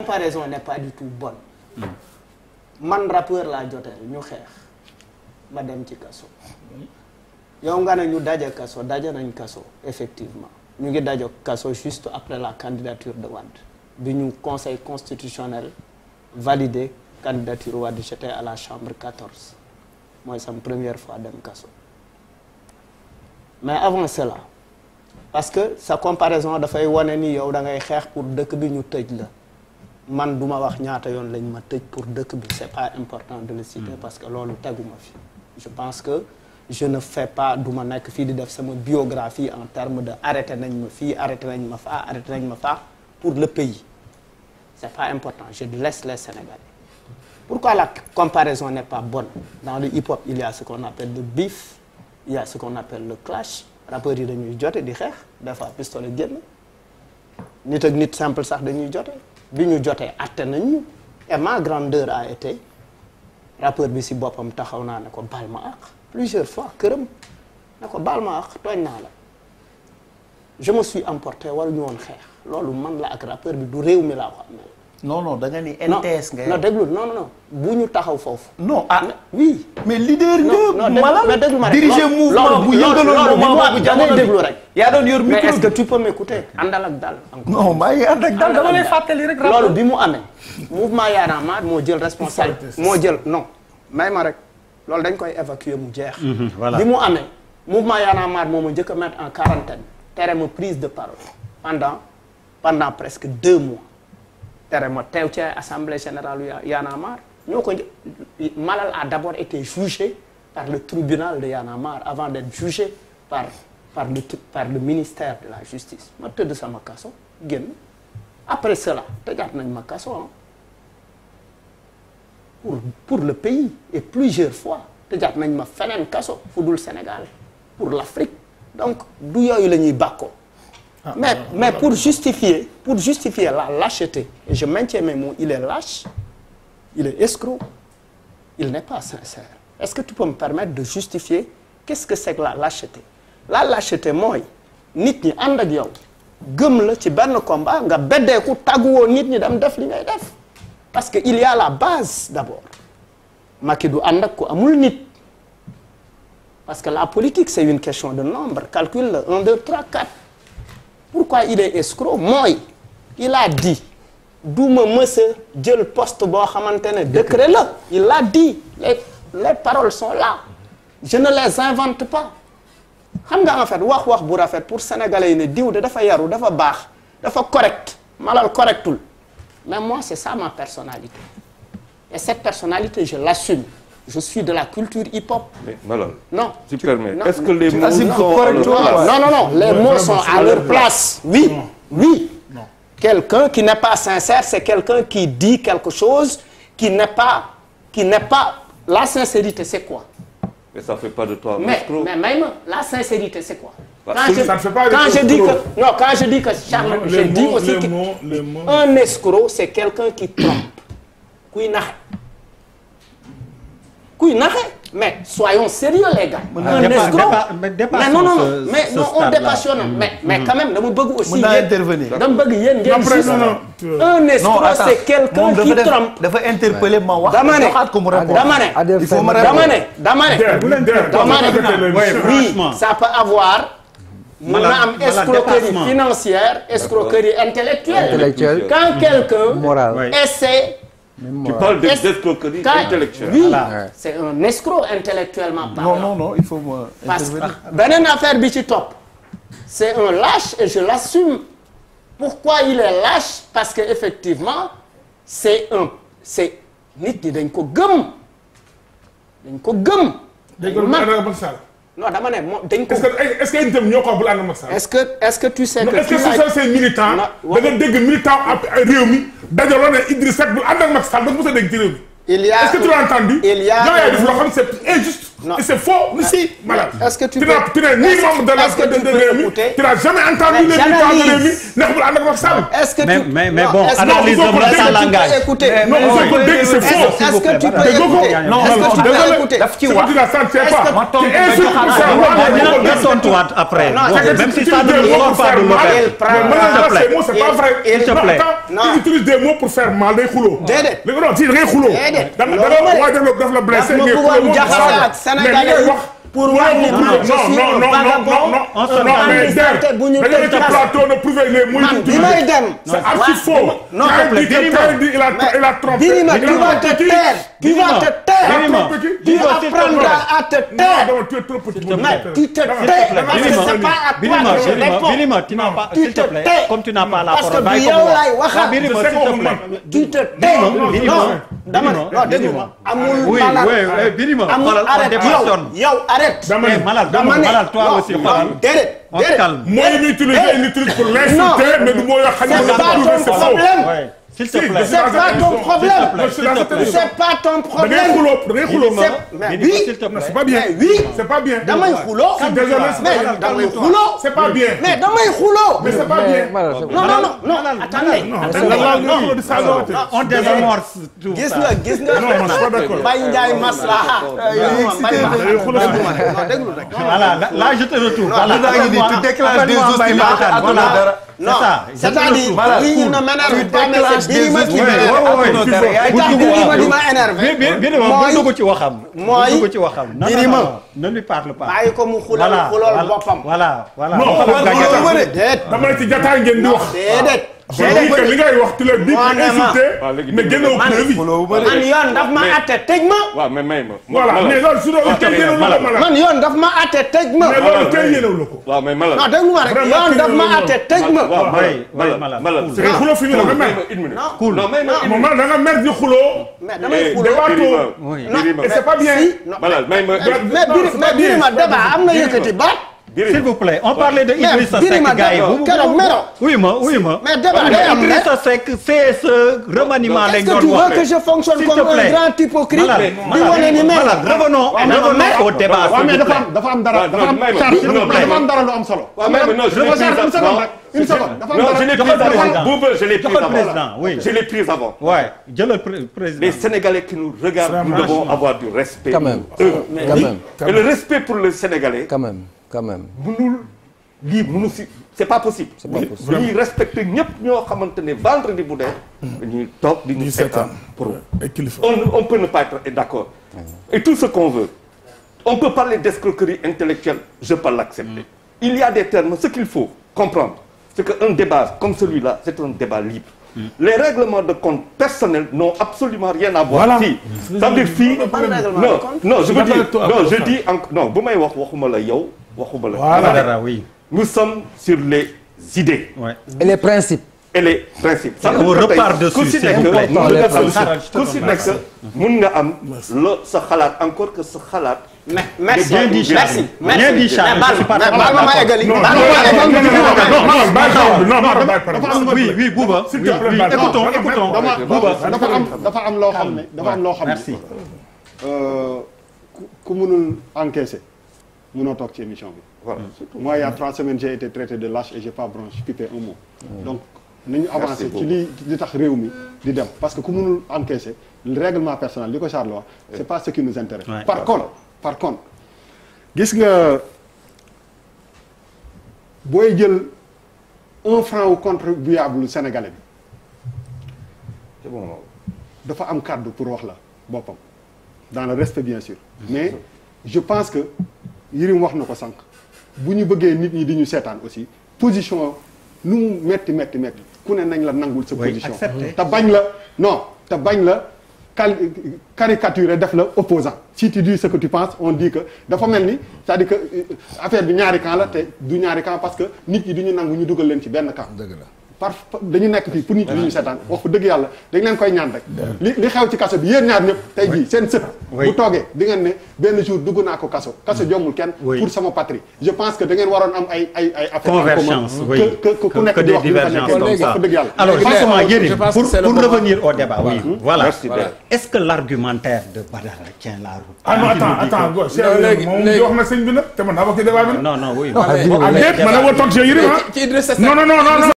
comparaison ne pas du tout bonne. Mm. man rappeur laa joteel ñu xeex ma dem ci kaso. yow nga ne ñu daje kaso daje nañ kaso effectivement ñu ngi daje kaso juste après la candidature de Wade bi ñu conseil constitutionnel validé candidature Wade j'étais à la chambre 14 mooy sama première fois dem kaso. mais avant cela parce que sa comparaison dafay wane ni yow da ngay xeex pour dëkk bi ñu tëj la. man du ma wax ñaata yoon lañ ma tëj pour dëkk bi c'est pas important de le citer hmm. parce que loolu teguma fi je pense que je ne fais pas du ma nekk fii di def sama biographie en terme de arrêté nañ ma fii arrêté nañ ma faa arrêté nañ ma faa pour le pays c'est pas important je laisse les Sénégalais pourquoi la comparaison n'est pas bonne dans le hip-hop il y a ce qu'on appelle le beef il y ce qu'on appelle le clash rappeurs yi dañuy jotee di xeex des fois pistolet génn nit ak sax dañuy jote bi ñu jotee atte nañu ñu et grandeur a été rappeur bi si boppam taxaw naa ne ko baal ma àq plusieurs fois këram ne ko baal ma tooñ naa la je me suis emporté waruñu woon xeex loolu man la ak rappeur bi du réew mi laa ko amee non non da nga ni NTS nga. non déglu non non bu ñu taxaw foofu. non ah oui. mais leader nga. non déglu ma rek diriger mouvement bu yëngaloon mouvement bu déglu rek. yaa doon yor micro mais est que tu peux m'écouter àndal ak dal. non maa ah, fàttali rek. loolu bi mu amee. mouvement Y'en moo jël responsabilité moo jël no mais ma rek loolu dañ koy évacuer mu jeex. Mhm, voilà bi mu amee. mouvement Y'en a marre moo ma njëkk a mettre en quarantaine tere ma prise de parole pendant pendant presque deux mois. tere ma teew ci assemblée général Y en a ñoo ko Malal a d'abord été jugé par le tribunal de Y en a avant d'être jugé par par le par le ministère de la justice ma tëdd sama kaso génn après cela tëjaat nañ ma kaso ah pour le pays et plusieurs fois tëjaat nañ ma feneen kaso fu dul Sénégal pour l'Afrique donc du yooyu la ñuy bàkkoo Ah, mais mais pour justifier pour justifier la lâcheté et je maintiens mes mots il est lâche il est escroc il n'est pas sincère est-ce que tu peux me permettre de justifier qu'est-ce que c'est que la lâcheté la lâcheté mooy nit ñi ànd ak yow gëm la ci benn combat nga beddeeku tàgguwoo nit ñi dem def li ngay def parce que il y a la base d'abord Macky du ànd ak ku amul nit parce que la politique c'est une question de nombre calcule 1 2 3 4 pourquoi il est escroc mooy il a dit duma mës a jël poste boo xamante ne décret la il a dit les les paroles sont là je ne les invente pas xam nga en fait wax wax bu rafet pour sénégalais i ne diw de dafa yaru dafa baax dafa correct malal correctul mais moi c'est ça ma personnalité et cette personnalité je l'assume je suis de la culture hip-hop. non, que les mots ah, sont correctement Non, non, les mots sont à leur place. Oui, oui. Quelqu'un qui n'est pas sincère, c'est quelqu'un qui dit quelque chose qui n'est pas la sincérité, c'est quoi? Mais la sincérité, c'est quoi? Quand je, ça ne fait pas quand je dis que non, quand je dis que Charles, je dis que un escroc, c'est quelqu'un qui trompe. nax kuy naxe mais soyons sérieux les gars. Ah, un escroc mais non non non mais non on dépassionne mm. mais mais mm. quand même dama bëgg aussi. mën naa intervenir dama bëgg yéen ngeen gis. un escroc c'est quelqu'un qui trompe. dafa interpeller ma wax. dama ne dama ne il faut ma dama ne dama ne. oui ça avoir. mën na am financière escroquerie intellectuelle. quand quelqu'un essaie Même tu moi. parles de d'escroquerie intellectuelle. Oui, voilà. c'est un escroc intellectuellement parlant. Non, non, non, il faut me parce que beneen affaire bi ci topp. c'est un lâche et je l'assume. pourquoi il est lâche parce que effectivement c'est un c'est nit ñi dañ ko gëm. dañ ko gëm. dañ ko gëm non dama ne moom dañ ko. est-ce que est-ce que itam ñoo ko wax bu la ànd ak Macky Sall. est-ce que est-ce que tu sais que. est-ce que ce sont ces militants. da nga dégg militant réew mi. dajaloo ne Idriss Seck bu ànd ak Macky Sall ba mos a dégg ci réew mi. il y a est-ce que tu l'as entendu. il y a yow non c'est faux. Ah. monsieur madame est-ce que tu peux tu n'es ni membre de la de Rewmi tu n'as jamais entendu les militants de Rewmi ndax bu la ànd ak Macky Sall. est-ce que tu mais mais bon analyse de la langage non vous ko dégg c'est faux. est-ce que tu peux écouter non daf ci wax ma tontu ma joxaat ma tontuwaat après. même si ça ne sort pas du modèle. c'est pas vrai. s'il te plaît non tu utilises des mots pour faire mal day xuloo. déedéet non si da ngay xuloo. déedéet loolu mooy daf la blessé. Sénégalais wax. pour wax ne man je suis un vagabond. non non non mais der bu ñu tëj plateau ne prouver les mouilles bi may dem. c'est archi faux. non il a trompé. Birima tu vas te taire. tu vas te taire. tu apprendras à te taire. mais tu te tais. tu te tais. comme tu n'as pas la parole. parce que yow lay waxal. tu te tais. non. dama non dégg nga amul malade birima arrête yow yow arrête dama ne dama ne toi aussi xoolal déedéet oh, déedéet mooy ñu utiliser une truc pour l'insulter mais du mooy xam ne c'est faux s'il te plaît c'est pas ton problème c'est pas ton problème da ngay xuloo da ngay xuloo mais oui c'est pas bien oui c'est pas bien damay xuloo désolé mais damay xuloo c'est pas bien mais damay xuloo mais c'est pas bien non non non attendez on désamorce tout gis nga gis nga non non je suis pas d'accord Baye Ndiaye maslaha voilà là je te retourne voilà tu déclenches des choses qui non c'est-à-dire lii ñu ne m'énerve pas mais c'est Birima qui m'énerve mooy ko ci waxam. mooy ko ci waxam. Birima ne lui parle pas. bàyyi ko mu xulal xulal boppam. voilà voilà. non xulal boppam déet. damay ci jotaay ngeen di wax. déedéet. li ngay wax tu la di insulté ne génnoo man yoon daf ma atte tëj ma waaw mais may ma voilà mais loolu su doon kenn yéenewu la ko man yoon daf ma atte tëj ma mais loolu kenn yéenewu la ko waaw mais malal non déglu ma rek yoon daf ma atte tëj ma waaw may malal malal xuloo fi mu la may une minute cool non may ma man da nga mer di xuloo mais damay xuloo et c'est pas bien malal may ma mais birima débat am na yëkkati baat s'il vous plaît on parlait de Idrissa ma oui ma mais débat day am Idrissa Seck CSE que je fonctionne comme un grand hypocrite di wane ni revenons au débat mais dafa am dafa am dara dafa am dafa am dara lu am je l'ai président les Sénégalais qui nous regardent nous devons avoir du respect quand même le respect pour le Sénégalais quand quand même mënul lii mënu c'est pas possible. c'est pas possible ñuy respecté ñëpp ñoo xamante ne vendredi bu dee. dañuy toog di ñu seetaan pour on on peut ne pas être d'accord. et tout ce qu'on veut. on peut parler d'escroquerie intellectuelle je peux l'accepter. Mm. il y a des termes ce qu'il faut comprendre c'est qu'un débat libre. Mm. les règlements de compte personnels n'ont absolument rien à voir. voilà mm. fii non je dis en non bu may wax waxuma la yow. waxuma la. voilà nous sommes sur les idées. Ouais. et les principes. et les principes. sànq tey ku si nekk ku si nekk mun nga am loo sa xalaat encore que sa xalaat. mais merci bien dit Charles bien dit Charles oui oui Bouba. oui oui écoutons écoutons Bouba dafa am dafa am loo xam ne dafa am loo xam ne. Euh, ku mënul encaisser. mënoo toog ci émission bi. voilà mm. surtout moi il y a trois semaines j'ai été traité de lâche et j'ai pas bronché pipé un mot. donc nañu avancé ci li li tax réew mi di dem parce que ku mënul encaisser le règlement personnel li ko Charles wax c'est pas ce qui nous intéresse. par contre gis nga booy jël un franc au contribuable sénégalais bi. c'est bon dafa am kàddu pour wax la boppam dans le respect bien sûr. mais je pense que. Yirim wax na ko sànq bu ñu bëggee nit ñi di ñu seetaan aussi position lu mu metti metti metti ku ne nañ la nangul sa position te bañ la non te bañ la cal caricature def la opposant si tu dis ce que on dit que dafa mel ni c'est-à-dire que euh, affaire bi ñaari camp la te du ñaari kaa parce que nit ñi du nangu ñu dugal leen ci benn camp dëgg la par dañu nekk fii pour nit ñi ñu seetaan wax fa dëgg yàlla dañ leen koy ñaan rek li xew ci kaso bi yéen ñaar ñëpp tey jii seen sët bu toogee di ne benn jour dugg naa ko kaso kaso jombul kenn pour sama patrie je pense que da ngeen waroon am ay ay ay affaire convergence ku nekk di wax wax dëgg yàlla alors justement Yérim pour pour revenir au débat oui voilà est-ce que l'argumentaire de Badara tient la route ah non attends attends moom di na sëñ bi nag te man naa wax ci